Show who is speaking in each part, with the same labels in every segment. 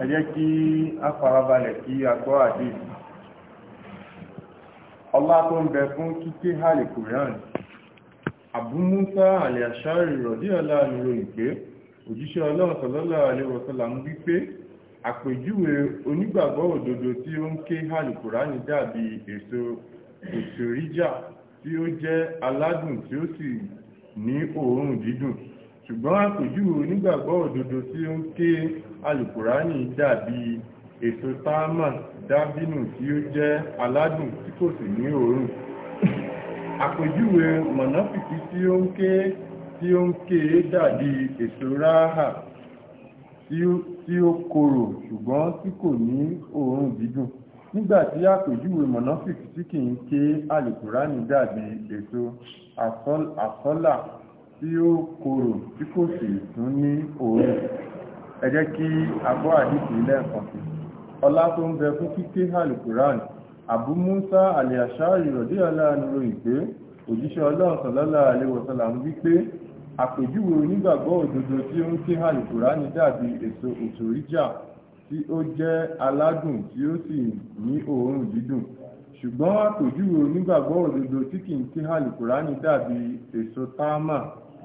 Speaker 1: ẹ
Speaker 2: jẹ́ kí a farabalẹ̀ kí a gbọ́ àdéhùn ọlá tó ń bẹ fún kíké hàlì kòrán àbúmúsá àlẹ́ àṣáàrì rọ̀dí ọlá nìrò ìpé òjíṣẹ́ ọlọ́run sọlọ́lá àlẹ́wọ̀sọ́lá ń wípé àpèjúwe onígbàgbọ́ òdodo tí ó ń ké hàlì kòrán dàbí èso èso ríjà tí ó jẹ́ aládùn tí ó sì ní òórùn dídùn ṣùgbọ́n àpèjú onígbàgbọ́ òdodo tí ó ń ké alùkùránì dàbí èso táàmà dábínù tí ó jẹ́ aládùn tí kò sì ní òórùn àpèjúwe mọ̀nàfìkì tí ó ń ké tí ó ń ké dàbí èso ráhà tí ó korò ṣùgbọ́n tí kò ní òórùn dídùn nígbàtí àpèjúwe mọ̀nàfìkì tí kì ń ké alùkùránì dàbí èso àsọ́là tí ó korò tí kò sì tún ní òórùn ẹ jẹ́ kí agbọ́ àdìsí lẹ́ẹ̀kan ọlá tó ń bẹ fún kíké alukuran Abu Musa aliashari rọ̀dí aláàánú ròyìn pé òjíṣẹ́ ọlọ́run sọ̀lọ́lá àlewọ̀sọ́là ń wí pé àpèjúwe onígbàgbọ́ òdodo tí ó ń ké alukuran dàbí èso òtòríjà tí ó jẹ́ aládùn tí ó sì ní òórùn dídùn ṣùgbọ́n àpèjúwe onígbàgbọ́ òdodo tí kì í ké alukuran dàbí èso táàmà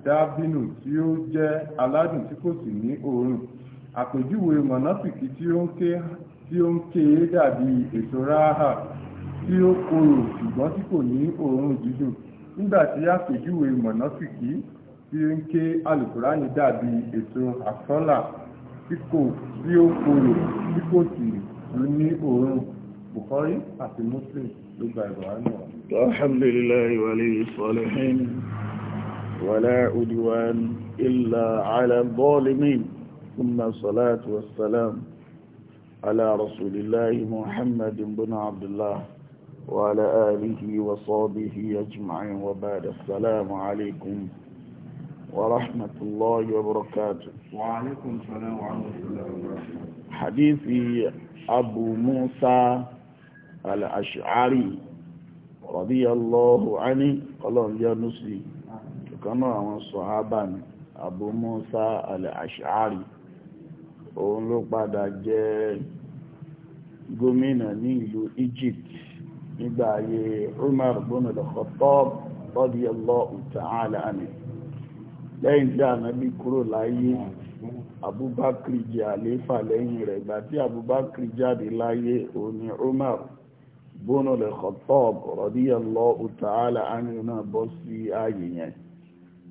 Speaker 2: dábínù tí ó jẹ́ aládùn tí kò sì ní oorun, àpèjúwe mọ̀nàfìkì tí ó ń ké dàbí ètò ráhà tí ó korò ṣùgbọ́n tí kò ní oorun dídùn nígbà tí àpèjúwe mọ̀nàfìkì tí ó ń ké alùkùránì dàbí ètò àsọ́là tí o ó korò tí kò sì ní oorun Bukhari àti Muslim ló gba ìwà
Speaker 1: ولا عدوان إلا على الظالمين ثم الصلاة والسلام على رسول الله محمد بن عبد الله وعلى آله وصحبه أجمعين وبعد السلام عليكم ورحمة الله وبركاته وعليكم السلام ورحمة الله وبركاته حديث أبو موسى الأشعري رضي الله عنه قال يا نسلي ìkan náà àwọn sọ̀hábà ni Abu Musa al-Ash'ari òun ló padà jẹ́ gómìnà ní ìlú Egypt nígbà ayé Umar ibn al-Khattab radiyallahu ta'ala anhu lẹ́yìn tí ànábì kúrò láyé abubakri jẹ́ àléfà lẹ́yìn rẹ̀ ìgbà tí abubakri jáde láyé òní Umar ibn al-Khattab radiyallahu ta'ala anhu náà bọ́ sí ààyè yẹn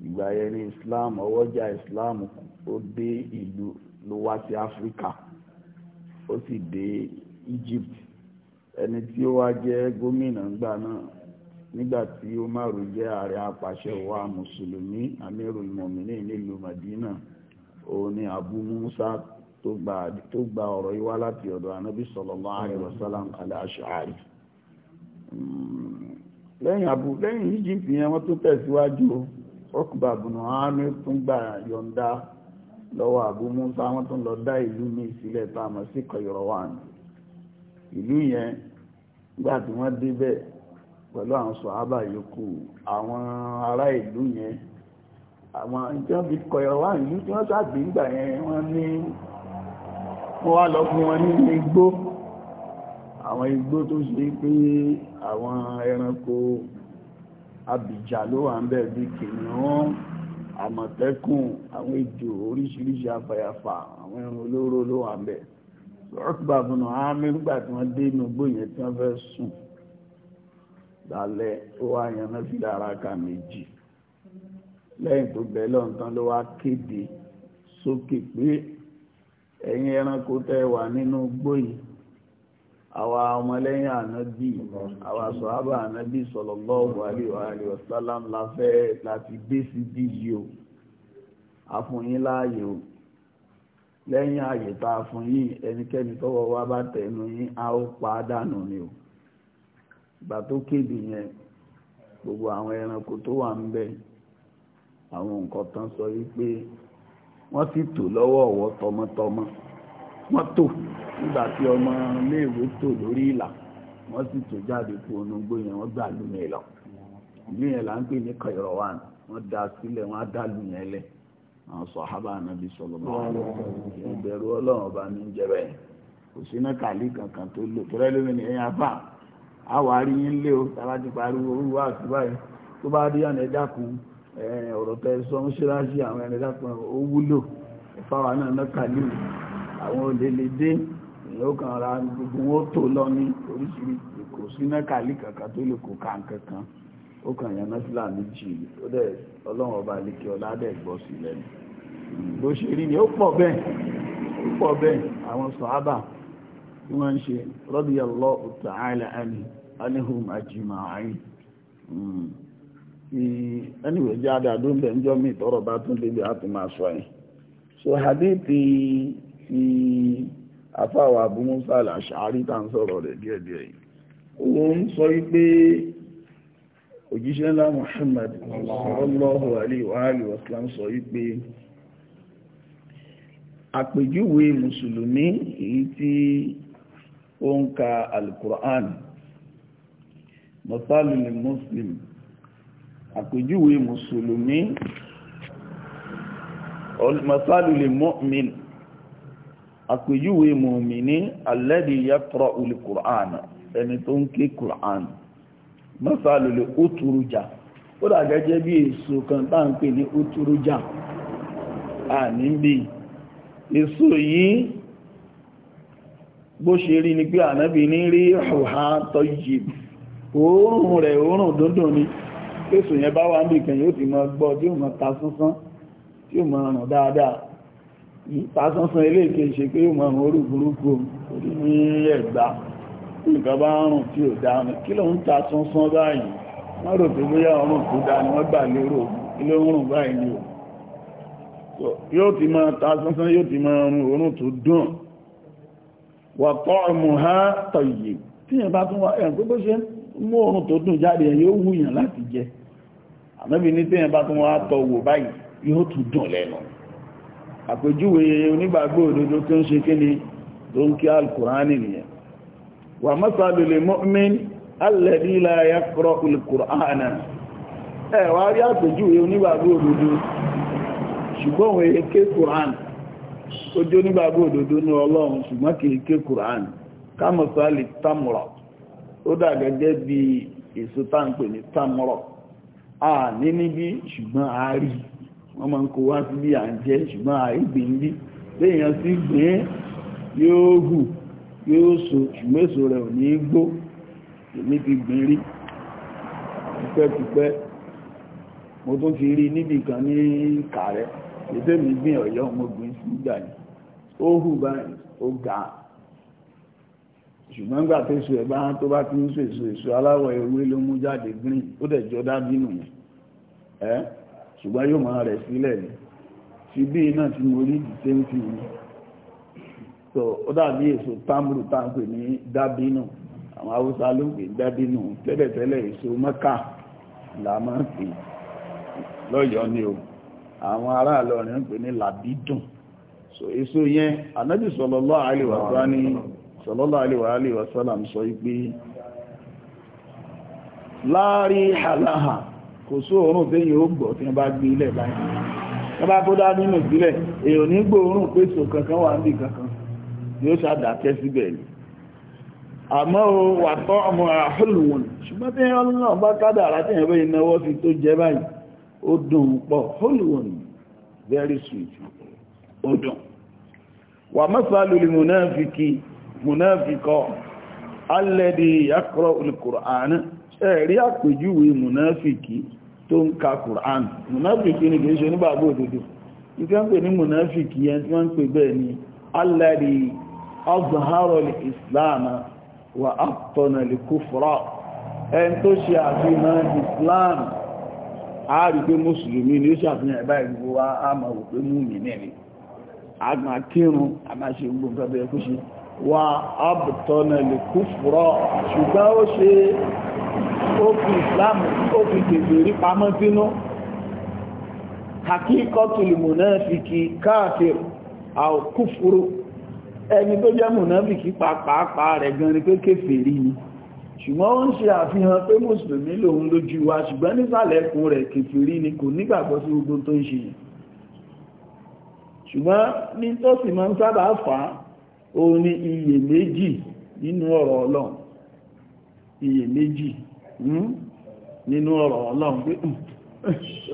Speaker 1: ìgbà yẹn ní islam ọwọ́jà islam ó dé ìlú ló wá sí áfíríkà ó sì dé egypt ẹni tí ó wá jẹ́ gómìnà ńgbà náà nígbà tí umaru jẹ́ ààrẹ apàṣẹwà mùsùlùmí amirul mọ̀mìnì nílùú madina òun ni abu musa tó gba ọ̀rọ̀ yìí wá láti ọ̀dọ̀ anábì sallallahu alaihi wasallam al-Ash'ari hmm, lẹ́yìn egypt yẹn wọ́n tó tẹ̀síwájú ọkùnbà bùnà ámì tún gbà yọ̀ǹda lọ́wọ́ Abu Musa wọ́n tún lọ dá ìlú ní ìsílẹ̀ tá a mọ̀ sí Qayrawan ìlú yẹn gbà tí wọ́n débẹ̀ pẹ̀lú àwọn sọ̀hábà yòókù àwọn ará ìlú yẹn àwọn ìjọba fi Qayrawan ìlú tí wọ́n sáàgbé ńgbà yẹn wọ́n ní wọ́n wá lọ fún abìjà ló wà ń bẹ̀ bí kìnìún àmọ̀tẹ́kùn àwọn ejò oríṣiríṣi afàyàfà àwọn ẹran olóró ló wà ń bẹ̀ ọ̀tùbà bùnà ámì nígbà tí wọ́n dé inú gbòyìn tí wọ́n fẹ́ sùn lálẹ́ ó wá yànnà fi lára ka méjì lẹ́yìn tó bẹ̀ lọ́ntán ló wá kéde sókè pé ẹ̀yin ẹranko tẹ́ wà nínú gbòyìn àwa ọmọlẹ́yìn ànábì àwa sọ̀hábà ànábì sallallahu alaihi wa sallam láfẹ́ láti dé sí bí yìí o àfúnyín láàyè o lẹ́yìn ààyè tá a fún yín ẹnikẹ́ni tọ́wọ́ wa bá tẹnu yín a ó pa á dànù ni o ìgbà tó kéde yẹn gbogbo àwọn ẹranko tó wà ń bẹ àwọn nǹkan tán sọ wípé wọ́n sì tò lọ́wọ́ ọ̀wọ́ tọmọtọmọ. mọ́tò nígbà tí ọmọ iléèwé tò lórí ìlà wọ́n sì tó jáde kú onúgbó yẹn wọ́n gbà lù yẹn lọ ìlú yẹn là ń pè ní Kairouan wọ́n da sílẹ̀ wọ́n á dá lù yẹn lẹ̀ àwọn sọ̀hábà sọ̀rọ̀ mọ́ ọlọ́run ọba kò sí náà kankan tó lò kere rẹ́ lómi ní ẹ̀yìn afá àwọn aríyìn lé o tàbá ti pariwo olúwa àti báyìí tó bá rí àná kun ọ̀rọ̀ tẹ àwọn ó àwọn olèlédé èyàn kan ra gbogbo wọn tó lọ ní oríṣiríṣi kò sí kankan tó lè kó ká nkankan ó kàn yàn náfìlà méjì ó dẹ̀ ọlọ́run ọba àlekè ọlá dẹ̀ gbọ́ sí lẹ́nu bó ṣe rí ni ó pọ̀ bẹ́ẹ̀ ó pọ̀ bẹ́ẹ̀ àwọn sàhábà tí wọ́n ń ṣe radiyallahu ta'ala anhum ajma'in hmm. anyway jáde àdúgbò ń jọ́ mi tọrọ bá tún àti máa sọ tí afáwà Abu Musa al-Ash'ari tá ń sọ̀rọ̀ rẹ̀ díẹ̀díẹ̀ yìí ó ń sọ wípé òjíṣẹ́ ńlá Muhammad sallallahu alaihi wa alihi wasallam sọ wípé àpèjúwe mùsùlùmí èyí tí ó ń ka al-Qur'an mọ̀tálùlì muslim àpèjúwe mùsùlùmí mọ̀tálùlì mu'min àpèjúwe mùmìní alẹ́dì yẹ́kọ̀rọ̀ olè kùrán ẹni tó ń ké kùrán mọ́sálòlè ó turujà ó dàgẹ́jẹ́ bí èso kan tá ń pè ní ó turujà à níbi èso yìí bó ṣe rí ni pé ànábì ní rí ọ̀há tọ́jì òórùn rẹ̀ òórùn dúndùn ni pèsò yẹn bá wà níbi yóò ti mọ gbọ́ tí ó mọ ta sánsán tí ó ràn dáadáa ìtàsánsán ilé ìkéṣe pé ó mọ̀rún orí burúkú orí ní ẹ̀gbá nǹkan bá ń rùn tí ò dáni kí ló ń ta sánsán báyìí wọ́n rò pé bóyá ọrùn tó dá ni wọ́n gbà lérò ilé oòrùn báyìí ni ò yóò ti máa ta sánsán yóò ti máa rùn oòrùn tó dùn wọ̀tọ́ ọmọha tọ̀yẹ̀ tí yẹn bá tún wá ẹ̀rùn pé bó ṣe mú oòrùn tó dùn jáde ẹ̀ yóò wúyàn láti jẹ àmọ́bí ní tí yẹn bá tún wá tọ̀wọ̀ báyìí yóò tún dùn lẹ́nu àpèjúwe onígbàgbọ́ òdodo tó ń ṣe tó ń kí alkùránì nìyẹn wà masalu lil mu'min alladhi la yaqra'u alkùránà ẹ wá rí àpèjúwe onígbàgbọ́ òdodo ṣùgbọ́n òun èké kùránì ó ní ọlọ́run ṣùgbọ́n kì í ké kùránì wọ́n máa ń kó wá sí bí à ń jẹ́ ṣùgbọ́n àìgbè ń bí léèyàn yóò hù yóò so ṣùgbọ́n èso rẹ̀ ò ní gbó èmi ti gbìn rí tipẹ́tipẹ́ mo tún ti rí níbi kan ní kàrẹ́ ètò mi gbìn ọ̀yọ́ mo gbìn sí ṣùgbọ́n yóò máa rẹ̀ sílẹ̀ ni fi bí iná ti mo rí the same thing ni so ó dàbí èso tamuru ní dábínú àwọn haúsá ló ń pè dábínú tẹ́lẹ̀tẹ́lẹ̀ èso mọ́kà là máa ń pè ni o àwọn ará Ìlọrin ń pè ní làbídùn so èso yẹn kò sóòórùn téèyàn ó gbọ́ tí wọ́n bá gbé ilẹ̀ báyìí wọ́n bá kó dá nínú ìbílẹ̀ èèyàn ní gbòórùn pé sò kankan wà níbi kankan yóò ṣàdàkẹ́ síbẹ̀ ni àmọ́ o wà tọ́ ọmọ àhùlùwọ̀n ṣùgbọ́n tí wọ́n náà bá kádàrá tí wọ́n náwó sí tó jẹ báyìí very sweet ó dùn wà mọ́sálù lè múnáfikì múnáfikọ́ alẹ́dì yàkọ́rọ̀ olùkùrọ̀ ẹ̀rí àpèjúwe múnáfikì tó ń ka Qur'an mùnáfìkì ní kìí ṣe onígbàgbọ́ òdodo ìfẹ́ ń pè ní mùnáfìkì yẹn tí wọ́n ń pè bẹ́ẹ̀ ni alladhi azhara al-islam wa abtana al-kufra ẹni tó ṣe àfihàn islam a rí pé mùsùlùmí ni ó ṣàfihàn ẹ̀bá ìgbò ó fi ìsìláàmù ó fi gbèsè rí pamọ́ sínú hakíkọ́tùlù mùnáfìkì káàfir àkúfúrú ẹni tó jẹ́ mùnáfìkì pàápàá rẹ̀ gan ni pé kèfèrí ni ṣùgbọ́n ó ń ṣe àfihàn pé mùsùlùmí lòun lójú wa ṣùgbọ́n nísàlẹ̀ ẹkùn rẹ̀ kèfèrí ni kò nígbàgbọ́ sí gbogbo tó ń ṣe yìí ṣùgbọ́n ní tó sì máa ń sábà fà á òun ni iyèméjì nínú ọ̀rọ̀ ọlọ́run iyèméjì Hmm? nínú ọ̀rọ̀ ọlọ́run pé tó hmm,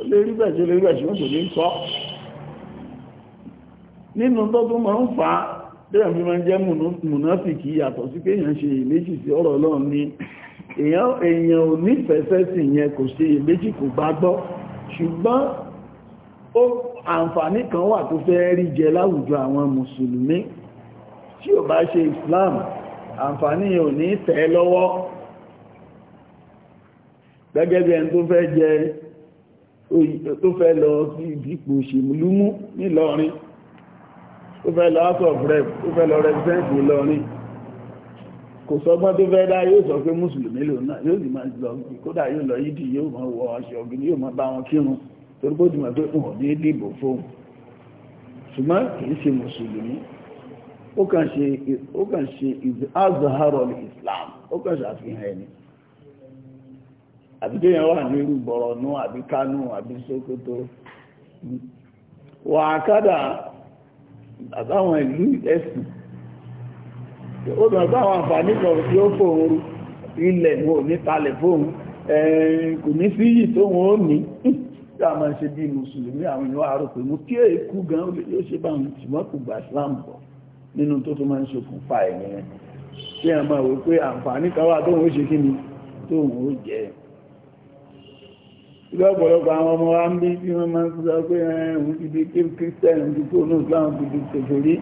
Speaker 1: lè rí bẹ̀ tó lè rí bẹ̀ ṣùgbọ́n kò ní sọ nínú tó tó máa ń fa tẹ́yà mi máa ń jẹ́ mùnáfìkì yàtọ̀ sí pé èèyàn ṣe ìméjì sí ọ̀rọ̀ ọlọ́run ni èèyàn ò nífẹ̀ẹ́fẹ́ sí yẹn kò ṣe ìméjì kò gbàgbọ́ ṣùgbọ́n ó àǹfààní kan wà tó fẹ́ rí jẹ láwùjọ àwọn mùsùlùmí tí ò bá ṣe Islam àǹfààní yẹn ò ní tẹ́ lọ́wọ́ gẹ́gẹ́ bí ẹni tó fẹ́ jẹ tó fẹ́ lọ sí ìdípò ṣèmúlúmú nílọrin tó fẹ́ lọ house of rep tó fẹ́ lọ represent nílọrin kò sọgbọ́n tó fẹ́ dá yóò sọ pé mùsùlùmí lò náà yóò sì máa lọ kódà yóò lọ yídì yóò máa wọ aṣọ ògiri yóò máa bá wọn kírun torí bó ti pé wọn ní dìbò fóun ṣùgbọ́n kì í ṣe mùsùlùmí ó kàn ṣe azaharo islam ó kàn ṣàfihàn ẹni àbí kéèyàn wà ní irú Bọ̀rọ̀nú àbí Kánò àbí Sókótó wà kádà àtàwọn ìlú ẹ̀sìn ó dùn àtàwọn àǹfààní kan tí ó fòun ilẹ̀ wọn ò ní talẹ̀ fóun kò ní sí yìí tó wọn ó ní tí a máa ṣe bí mùsùlùmí àwọn èèyàn àrò pé mú kí èkú gan yóò ṣe bá wọn ṣùgbọ́n kò gbà Islam bọ̀ nínú tó tó máa ń ṣokùnfà ẹ̀yẹn tí a máa wò pé àǹfààní kan wà tó wọn ṣe kí ni tó wọn jẹ́ ẹ̀ lọ́pọ̀lọpọ̀ àwọn ọmọ wa ń bí tí wọ́n máa ń sọ pé ẹ̀hùn ti di kí kírísítẹ̀n ti tó ní islam ti di kèfèrí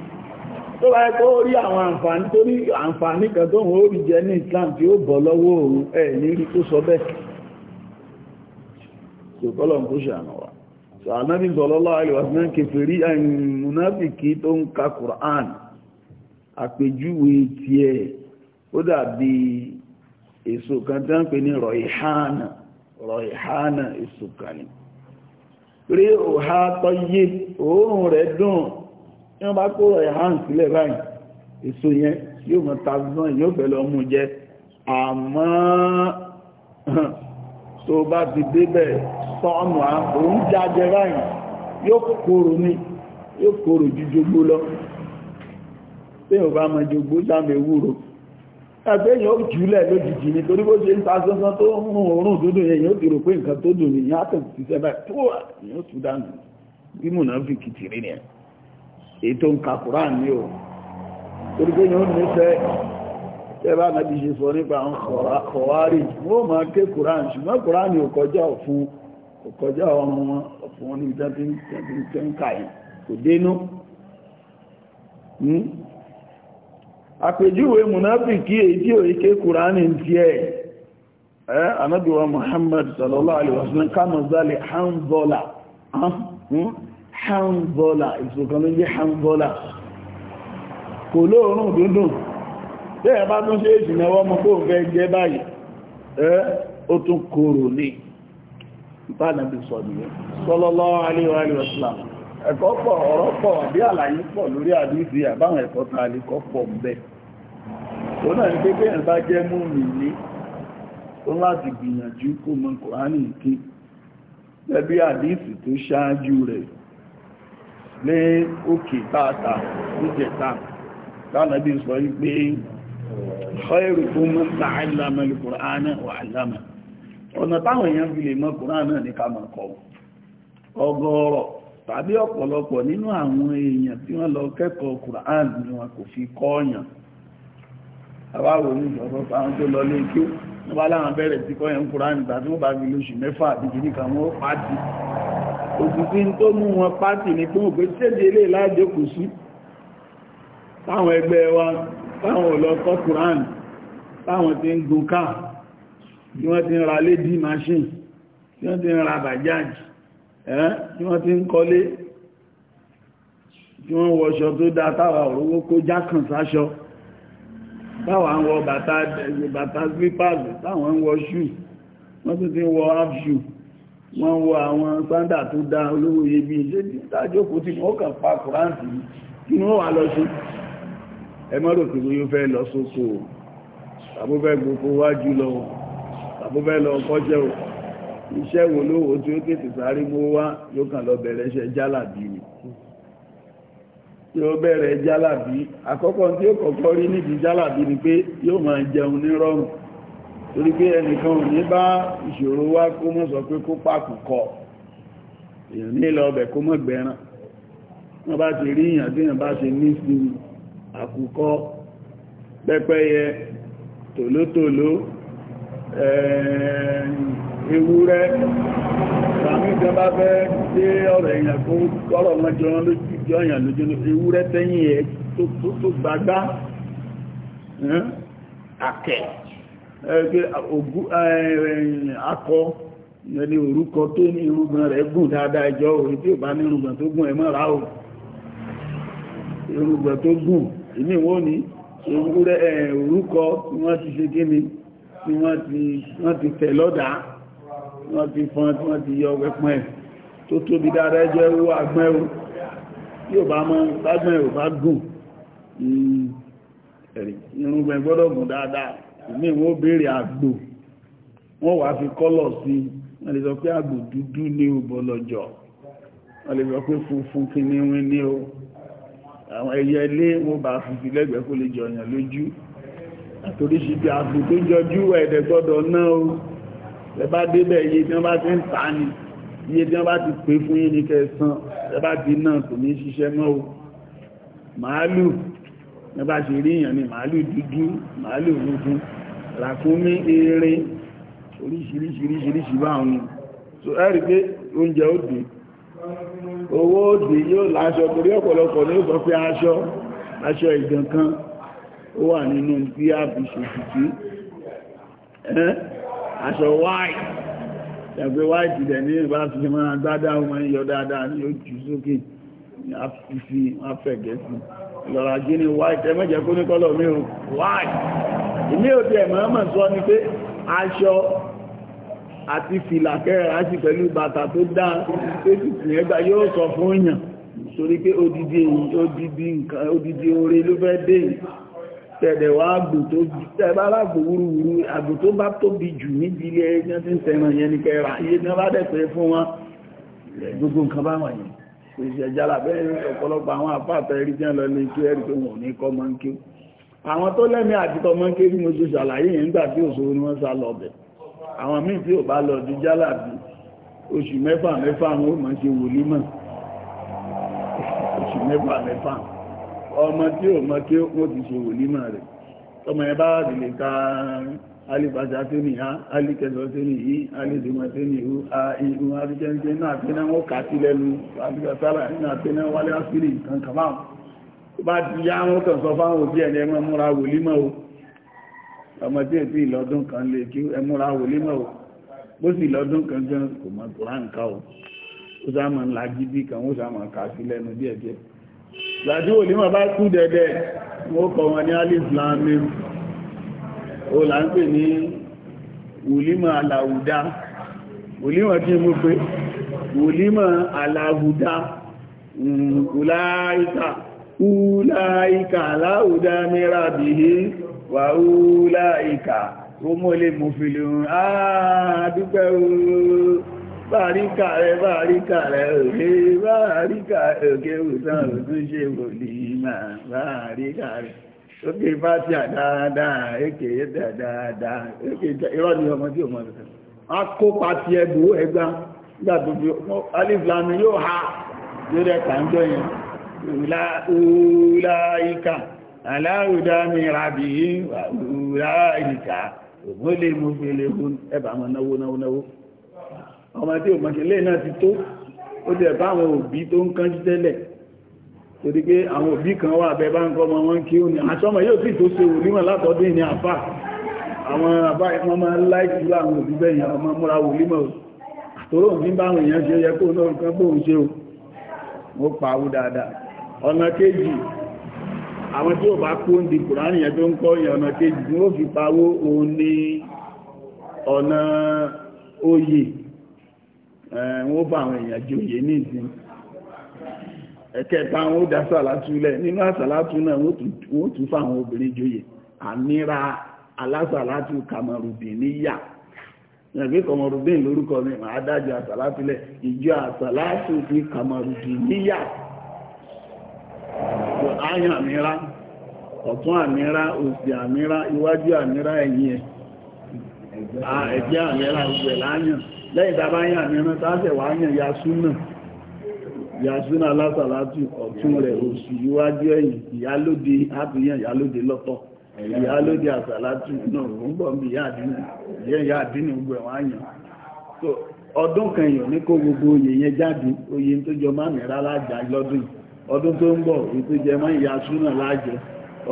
Speaker 1: tó bá kó rí àwọn àǹfààní tó rí àǹfààní kan tó wọ́n rí jẹ ní islam tí ó bọ̀ lọ́wọ́ òun ẹ̀ ní rí tó sọ bẹ́ẹ̀ tó kọ́lọ̀ ń kó ṣàánà wa sàánàbí sallallahu alaihi wasallam kèfèrí munafiki tó ń ka Qur'an àpèjúwe tiẹ̀ rọ̀ìhánà ìsùkàní rí òhá tọ́yé òórùn rẹ̀ dùn ní wọ́n bá kó rọ̀ìhán sílẹ̀ báyìí èso yẹn yóò mọ̀ tàbí yóò fẹ́ lọ mú jẹ àmọ́ tó bá ti débẹ̀ sọ́ọ̀nù àkóhùn jájẹ báyìí yóò kóró ní yóò kóró ẹgbẹ́ èèyàn ó jùlẹ̀ lójijì ni torí bó ṣe ń ta sánsán tó ń rún òórùn dúdú yẹn yóò ti rò pé nǹkan tó dùn nìyẹn á tẹ̀sí sí sẹ́bẹ̀ tó wà yóò tún dànù bí mùnàfíkì ti rí nìyẹn ètò nǹka Qur'an ni o torí pé yóò nífẹ̀ẹ́ tẹ́bá nàbí ṣe sọ nípa kọ̀wárì wọ́n máa ké Qur'an ṣùgbọ́n Qur'an ni ò kọjá ọ̀fun ò kọjá ọrùn wọn ọ̀fun wọn ní ìjọ́ tí ń kà yìí kò dénú hmm? àpèjúwe mùnáfìkì èyí tí ike kùránì tí ẹ̀ ẹ́ muhammad sallallahu alaihi wasallam kama hanzola hanzola ìsòkànlẹ̀ hanzola kò lóòrùn dúndùn tí ẹ bá tún ṣe mọ́ kó fẹ́ jẹ́ báyìí ẹ̀kọ́ pọ̀ ọ̀rọ̀ pọ̀ àlàyé pọ̀ lórí àbáwọn ẹ̀kọ́ ta lè òun náà ní pé pé ẹ̀bá jẹ́ mú mi ní ó láti gbìyànjú kó mọ kòránì kí lẹ́bí àdíìsì tó ṣáájú rẹ̀ ní òkè tààtà níjẹta tánàbí sọ wípé khairukum man ta'allama al-Qur'ana wa ọ̀nà táwọn èèyàn fi lè mọ kòránì ní ká mọ̀ kọ́ ọgọ́rọ̀ tàbí ọ̀pọ̀lọpọ̀ nínú àwọn èèyàn tí wọ́n lọ kẹ́kọ̀ọ́ kòránì ni wọn kò fi kọ́ àwáwò ní ìjọba àwọn tó lọ lé kí wọ́n bá láwọn bẹ̀rẹ̀ tí kọ́ yẹn kúrò nígbà tí wọ́n bá fi lóṣù mẹ́fà àti kìíní kan wọ́n pàtì òtútù tó mú wọn pàtì ní pé òpé tẹ́jẹ́ ilé láàjẹ́ kò sí táwọn ẹgbẹ́ wa táwọn ò lọ kọ́ kúrán táwọn ti ń gun káà tí wọ́n ti ń ra lédí machine tí wọ́n ti ń ra bàjáàjì tí wọ́n ti ń kọ́lé tí wọ́n wọṣọ tó dá táwà òrówó kó jákàn sáṣọ táwọn ń wọ bàtà slippers táwọn ń wọ shoe wọ́n tún ti ń wọ half shoe wọ́n wọ àwọn sandà tó dá olówó iyebíye ṣe ní ìdájókòó tí wọ́n kàn pa kùráǹtì kí wọ́n wà lọ ṣe ẹmọ́rò kìí yóò fẹ́ lọ sókò tàbúfẹ́ gbogbo wájú lọ tàbúfẹ́ lọ kọ́jẹ́ ò iṣẹ́ wo lówó tí ó tètè sáré mú wá yóò kàn lọ bẹ̀rẹ̀ iṣẹ́ jálàbí ni tí ó bẹ̀rẹ̀ jálàbí àkọ́kọ́ tí ó kọ́kọ́ rí níbi jálàbí ni pé yóò máa jẹun ní rọrùn torí pé ẹnìkan ò ní bá ìṣòro wá kó mọ́ sọ pé kó pàkù kọ èèyàn ní ilẹ̀ ọbẹ̀ kó mọ́ gbẹran wọ́n bá ti rí ìyàn tí èèyàn bá ṣe ní sí àkùkọ pẹ́pẹ́yẹ tòlótòló ewúrẹ́ sàmì kan bá fẹ́ dé ọ̀rọ̀ èèyàn tó tọ́rọ̀ mọ́jọ lójújọ́ èèyàn lójú ewúrẹ́ tẹ́yìn ẹ̀ tó gbagbá àkẹ́ akọ ẹni orúkọ tó ní irúgbọ̀n rẹ̀ gùn dáadáa ìjọ orí tí ò bá ní irúgbọ̀n tó gùn ẹ̀mọ́ ráò irúgbọ̀n tó gùn ìní wọ́n ní orúkọ tí wọ́n ti ṣe kí ni tí wọ́n ti tẹ̀ lọ́dàá wọ́n ti fọn tí wọ́n ti yọ wẹ́pọ̀ ẹ̀ tó tóbi dára ẹjọ́ ẹwú agbẹ́ o tí ò bá mọ́ lágbẹ́ ò bá gùn irúgbẹ́ gbọ́dọ̀ gùn dáadáa ìmí wọ́n béèrè àgbò wọ́n wá fi kọ́lọ̀ sí wọ́n lè sọ pé àgbò dúdú ní òbọ̀lọ́jọ́ wọ́n lè sọ pé funfun kìnnìún ní o àwọn ẹyẹ ilé wọ́n bá fi sí lẹ́gbẹ̀ẹ́ kó lè jọyàn lójú àtòríṣi bí àgbò tó jọjú ẹ̀ẹ́dẹ̀gbọ́dọ̀ náà o ẹbá débẹ̀ iye tí wọ́n bá ti ń tà ní iye tí wọ́n bá ti pè fún yín ní kẹsàn ẹbá ti náà kò ní ṣiṣẹ́ mọ́ o màálù ẹbá ṣe rí èèyàn ní màálù dúdú màálù funfun ràkúnmí erin oríṣiríṣiríṣiríṣi báwọn ni so ẹ́rì pé oúnjẹ ó dé owó ó dé yóò láṣọ torí ọ̀pọ̀lọpọ̀ ní ó sọ pé aṣọ aṣọ ìgbọ̀n kan ó wà nínú bí a fi ṣètìtì ẹ́ aṣọ wáì ẹgbẹ́ wáì ti dẹ̀ ní ìbá ti fi máa dáadáa ọmọ yíyọ dáadáa ní ojú sókè ní afẹ́fí afẹ́gẹ́sì lọ́ra jí ní wáì tẹ́ mẹ́jẹ kó ní kọ́lọ̀ mi ò wáì ilé òtí ẹ̀mọ́ ọmọ sọ ni pé aṣọ àti fìlà kẹ́rẹ̀rẹ́ sí pẹ̀lú bàtà tó dáa pé tìtìyàn ẹgbà yóò sọ fún èèyàn torí pé odidi nǹkan odidi oore tẹ̀dẹ̀ wá àgbò tó tẹ́bá àgbò wúrúwúrú àgbò tó bá tóbi jù níbi ilé ẹjọ́ tí ń tẹ̀ràn yẹn ní kẹra iye tí wọ́n bá dẹ̀pẹ́ fún wọn gbogbo nǹkan bá wọ̀nyí kò sì ẹ̀já làbẹ́ ọ̀pọ̀lọpọ̀ àwọn àpáàtà ẹ̀rí lọ ni wọ́n sá lọ bẹ̀ àwọn míì tí ò bá lọ di jálàbí oṣù mẹ́fà mẹ́fà wọn ọmọ tí ò mọ tí wọ́n ti ṣe wòlímà rẹ̀ tọmọ ẹ bá rí lè ka alìbàṣà tó ní ha alìkẹsọ tó ní yí alìdìmọ̀ tó ní ihu ihun afẹ́kẹ́ńtẹ́ náà tí náà wọ́n kà sí lẹ́nu afẹ́kẹ́sára náà tí náà wálé áfírí nǹkan kàmáà bá ti yá wọn kàn sọ fáwọn òbí ẹni ẹmọ múra wòlímà o ọmọ tí èsì ìlọ́dún kan lè kí ẹmúra wòlímà o bó sì lọ́dún kan jẹun o ó sá máa ń gbàdí olímọ̀ bá kú dẹ̀dẹ̀ wọ́n kọ wọn ní alìsìláàmì o là ń pè ní olímọ̀ aláwùdá olímọ̀ tí mú pé olímọ̀ aláwùdá ọláìkà ọláìkà aláwùdá mẹ́ra bìí wà ọláìkà ó mọ́lé mọ́fìlì ààdúgbẹ́ ooo bàríkà rẹ bàríkà rẹ òkè bàríkà òkè òsàn òtún ṣe wòlí máa bàríkà rẹ òkè fàtíà dáadáa èkè dáadáa èkè irọ́ ni ọmọ tí ò mọ̀ lọ́sẹ̀ a kó pàtí ẹgbù ẹgbá nígbà tó fi alìfìlàmì yóò ha lórí ẹ̀kà ń jọ yẹn ìlàíkà aláàrùdámi ràbí ìlàíkà ògbólé mọ́fẹ́lẹ́gún ẹbà mọ́ náwó náwó náwó ọmọ tí òmọ̀ṣẹ̀lẹ̀ náà ti tó ó dẹ̀ bá àwọn òbí tó ń kánjú tẹ́lẹ̀ torí pé àwọn òbí kan wà bẹ bá ń kọ́ ọmọ wọn kí ó ní àṣọ́mọ̀ yóò sì tó ṣe wòlímọ̀ látọdún ní àfà àwọn àbá ìpọn máa láìsí láwọn òbí bẹ́yìn ọmọ múra wòlímọ̀ àtòrò òbí bá àwọn èèyàn ṣe yẹ mo pa awú dáadáa ọ̀nà tí ó bá kó ń di kùránì yẹn tó ń kọ́ ìyẹn ọ̀nà kejì ni ó fi pawó òun ní ọ̀nà oyè wọ́n bá àwọn èèyàn joyè ní ìsìn ẹ̀kẹta wọn ó dá sàlátúlẹ̀ nínú àsàlátú náà wọ́n tún fáwọn obìnrin joyè àníra alásàlátú kamarudin níyà ẹ̀gbẹ́ kamarudin lórúkọ mi máa dájọ àsàlátúlẹ̀ ìjọ àsàlátú fi kamarudin níyà àyàn àmìrá ọ̀tún àmìrá òsì àmìrá iwájú àmìrá ẹ̀yìn ẹ̀ Ah, ẹgbẹ́ àyẹ́lá ìgbẹ̀ láyàn lẹ́yìn tàbá yàn mìíràn tàbẹ̀ wà yàn yasúnà yasúnà látàlátù ọ̀tún rẹ̀ òsù iwájú ẹ̀yìn ìyálóde àbúyàn ìyálóde lọ́tọ̀ ìyálóde àsàlátù náà ọdún ọdún tó ń bọ̀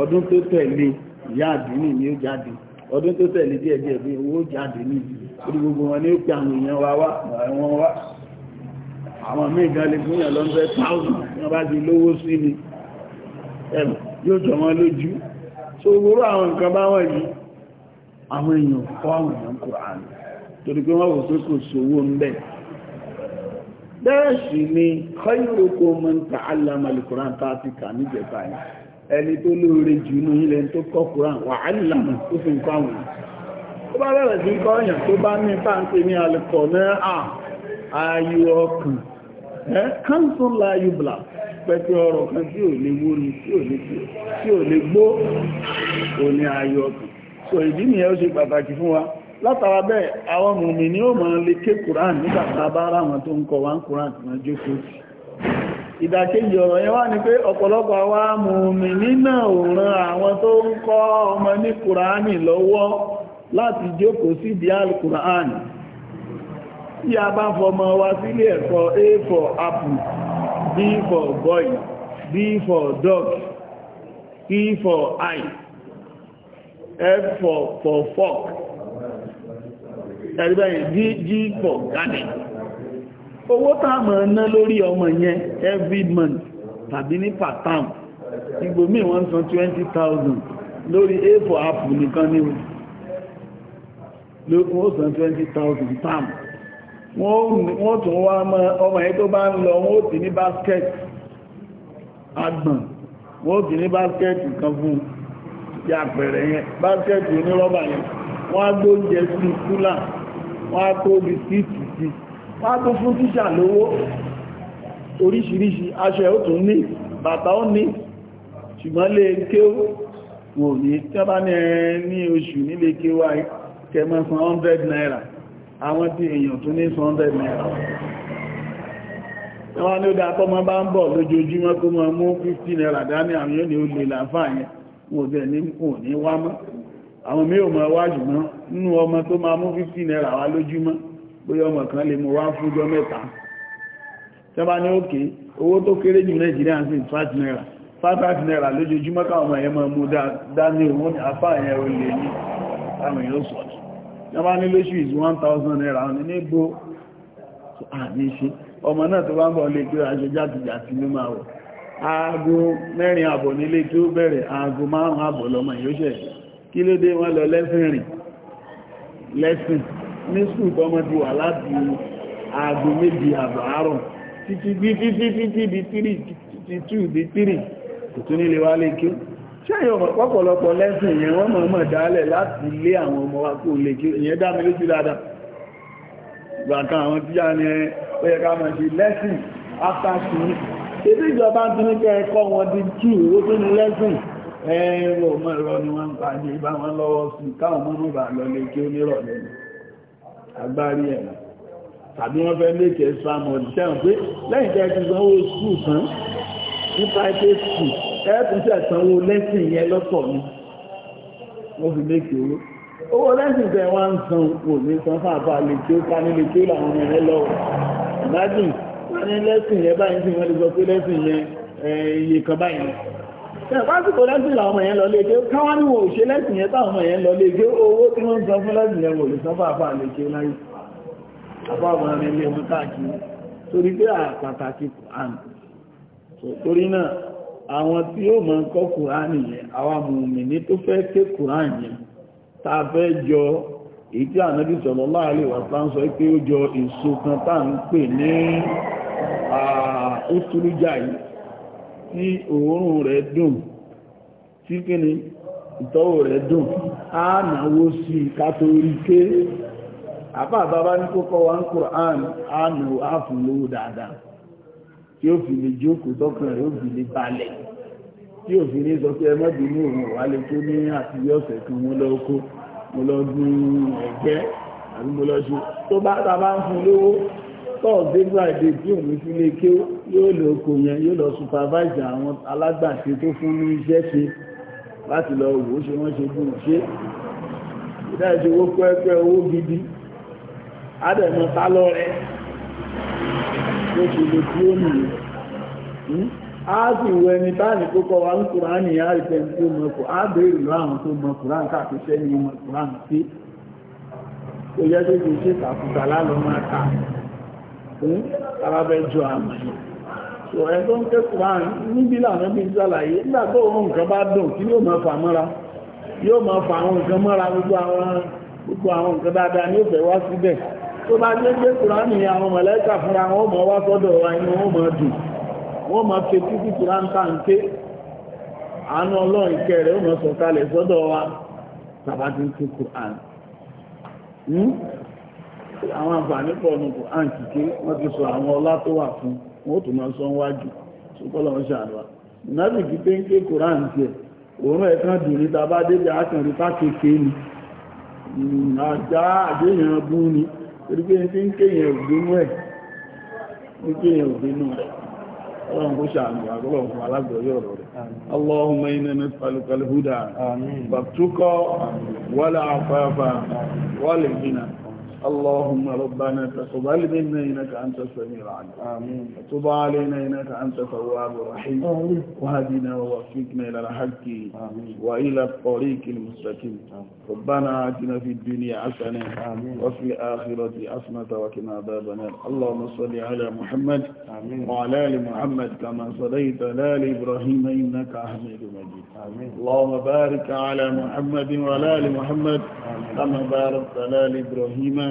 Speaker 1: ọdún tó tẹ̀lé ìyá àdínì ni ó jáde ọdún tó tẹ̀lé díẹ̀ díẹ̀ bí owó jáde ní orí gbogbo wọn ní ó pe àwọn èèyàn wa wá àwọn wá àwọn míì gan lè fún yàn lọ́nfẹ́ táùsùn wọn bá ti lówó sí ni ẹ̀rù yóò jọ wọn lójú so gbogbo àwọn nǹkan bá wọ̀n yìí àwọn èèyàn kọ́ àwọn èèyàn Kùránì torí pé wọ́n wò pé kò sówó ń bẹ̀ bẹ́ẹ̀ sì ni khayrukum man ta'allama al tá a ti kà níjẹta yìí ẹni tó lóore jù ní ilẹ̀ tó kọ́ Quran wà á lè lànà tó fi ń kọ́ àwọn tó bá bẹ̀rẹ̀ sí kọ́ èèyàn tó bá ní táǹkì ní alùpọ̀ náà à ẹ́ kánsán láyò bla pẹ̀tẹ̀ ọ̀rọ̀ kan tí ò lè gbó so ìdí nìyẹn ó ṣe pàtàkì fún wa látara bẹ́ẹ̀ àwọn mùmí Quran nígbà tá a bá Quran ìdàkejì ọ̀rọ̀ yẹn wá ní pé ọ̀pọ̀lọpọ̀ wa mùmí nínà òran àwọn tó ń kọ́ ọmọ ní kùránì lọ́wọ́ láti jókòó sí ìdí alkùránì tí a bá fọmọ wa sílé ẹ̀kọ́ a for apple b for boy b for dog c for eye f for for fork ẹ̀rí bẹ́yìn g for garden owó táàmà ná lórí ọmọ yẹn every month tàbí ní per term ìgbòmí wọ́n san 20,000 lórí a4 apple nìkan ní wọ́n san 20,000 term wọ́n tún wá ọmọ yẹn tó bá ń lọ wọ́n tì ní basket agbọ̀n wọ́n tì ní basket kan fún ya pẹ̀rẹ̀ yẹn basket onírọ́bà yẹn wọ́n á gbóúnjẹ sí kúlà wọ́n á kó bisikíìtì sí wá tó fún tíṣà lówó oríṣiríṣi aṣọ ẹ̀ ó tún ní bàtà ó ní ṣùgbọ́n lè kéwò wò ní tẹ́bá ní ní oṣù nílé kéwà kẹmọ́ 100 naira àwọn tí èèyàn tún ní 100 naira wọ́n ní ó dá tọ́mọ́ bá ń bọ̀ lójoojúmọ́ kó mọ́ mú 50 naira dání àwọn yóò ní ó lè láfààyàn wọ́n bẹ̀ ní kò ní wá mọ́ àwọn mí ò mọ́ wájú mọ́ nínú ọmọ bóyá ọmọ kan lè mú wá fújọ mẹ́ta tẹ́bá ní òkè owó tó kéré jù nàìjíríà sí 5 naira 5 naira lójoojúmọ́ káwọn ọmọ ẹ̀yẹmọ́ mú dání owó ní afá ẹ̀yẹ o lè ní àwọn èèyàn sọ̀tù tẹ́bá ní lóṣù is 1000 naira ní nígbó àmì ṣe ọmọ náà tó bá ń bọ̀ lè kí aṣọ játìjàtì ló máa wọ̀ aago mẹ́rin àbọ̀ nílé tó bẹ̀rẹ̀ aago márùn-ún àbọ̀ lọ́mọ yóò ṣẹ̀ kí ló dé wọ́n lọ lẹ́sìn rìn lẹ́sìn ní skul tọ́mọdé wà láti aago méjì àbàárọ̀ títí bí títí títí di tírì títí tú di tírì kò tún nílé wá lékí ṣẹ́yìn ọmọ pọ́pọ̀lọpọ̀ lẹ́sìn yẹn wọ́n mọ̀ mọ̀ dálẹ̀ láti lé àwọn ọmọ wa kó lékí ìyẹn dá mi lójú dáadáa gbàkan àwọn tíyà ni ó yẹ ká mọ̀ sí lẹ́sìn after school ebi ìjọba tún ní kẹ́ ẹ̀kọ́ wọn di jù ó tún ní lẹ́sìn ẹ̀rọ mọ̀ ẹ̀rọ ni wọ́n ń pa ní ìbá wọn lọ́wọ́ sí káwọn mọ́mọ́ bà lọ lékí onírọ̀lẹ́yìn agbárí ẹ̀mà tàbí wọ́n fẹ́ mékè sàmọ̀dì sẹ́wọ̀n pé lẹ́yìn tẹ́ ti sanwó skul tán ní private school ẹ̀ẹ́tù sẹ̀ sanwó lẹ́sìn yẹn lọ́tọ̀ ni wọ́n fi mékè owó owó lẹ́sìn tẹ́ wá ń san kò ní san fún lè tí ó ká nílé tí ó làwọn ọmọ lọ́wọ́ Ìpásìkò lẹ́sìn làwọn ọmọ yẹn lọ léèké, káwọn ní wọn ò ṣe lẹ́sìn yẹn táwọn ọmọ yẹn lọ léèké, owó tí wọ́n ń san fún lẹ́sìn yẹn wò lè san fàáfà léèké láyé. Àpá ọmọ rẹ̀ ilé ọmọ káàkiri, torí pé àpàtàkì Kùránì. Torí náà, àwọn tí ó mọ̀ ń kọ́ Kùránì yẹn, àwọn mùmìnì tó fẹ́ ké Kùránì yẹn, ta tí òórùn rẹ̀ dùn tí kí ni ìtọ́wò rẹ̀ dùn á náwó sí kátorí ké àpá àbábá ní kókọ́ wa ń Qur'an á nù á fún lówó dáadáa tí ó fi lè jókòó tọ́kàn rẹ̀ ó fi lè balẹ̀ tí ò fi ní sọ pé ẹmọ́bí ní òun wà lè tó ní àti ọ̀sẹ̀ kan mo lọ kó mo lọ gún ẹ̀gẹ́ àbí mo lọ ṣe tó bá ta bá ń fún lówó tọ́ọ̀dé friday tí òun fi lè ké yóò lọ oko yẹn yóò lọ supervise àwọn alágbàṣe tó fún ní iṣẹ́ ṣe láti lọ wò ó ṣe wọ́n ṣe gùn ṣe ìdájọ́ owó pẹ́ẹ́pẹ́ owó gidi adẹ̀mọ́ ta lọ rẹ tó ṣe lè tí ó nìyẹn hmm? a sì wọ ẹni báyìí tó kọ wa ń kùránì yá ìfẹ́ tó mọ kù á béèrè lọ àwọn tó mọ kùránì káàkiri sẹ́yìn mọ kùránì sí kò yẹ kó ṣe ṣèkàkùtà lálọ́ máa ta arábẹ́jọ àmì ṣòrẹ́ tó ń kẹ́kọ̀ọ́ àrùn níbi lànà bí sàlàyé nígbà tó ohun nǹkan bá dùn kí yóò máa fà mọ́ra yóò máa fà àwọn nǹkan mọ́ra gbogbo àwọn gbogbo àwọn nǹkan dáadáa ní òfẹ́ wá síbẹ̀ tó bá jẹ́ pé kùránì àwọn mọ̀lẹ́kà fúnra wọn mọ̀ wá sọ́dọ̀ wa inú wọn mọ̀ dùn wọn mọ̀ fi títí kùránì tàǹté àánú ọlọ́run ìkẹ́ rẹ̀ ó mọ̀ sọ̀kalẹ̀ sọ́dọ̀ wa tàbátí kùránì hmm? àwọn àǹfààní pọ̀ ní kò án kìké wọ́n ti sọ àwọn ọlá tó wà fún wọn ó máa sọ wájú ṣùgbọ́n ń ṣàlùwà ìnáàbì kí pé ń ké koran tiẹ̀ òórùn ẹ̀kan dùn ní tàbá débi àkànrí ni hmm, àjá àdéyàn bú ni torí pé ti nke kéèyàn òdínú ẹ̀ ń kéèyàn اللهم ربنا تقبل منا انك انت السميع العليم امين وتب علينا انك انت التواب الرحيم امين وهدنا ووفقنا الى الحق امين والى الطريق المستقيم ربنا اتنا في الدنيا حسنه وفي الاخره حسنه وقنا عذاب النار اللهم صل على محمد امين وعلى ال محمد كما صليت على ال ابراهيم انك حميد مجيد امين اللهم بارك على محمد وعلى ال محمد كما باركت على ال ابراهيم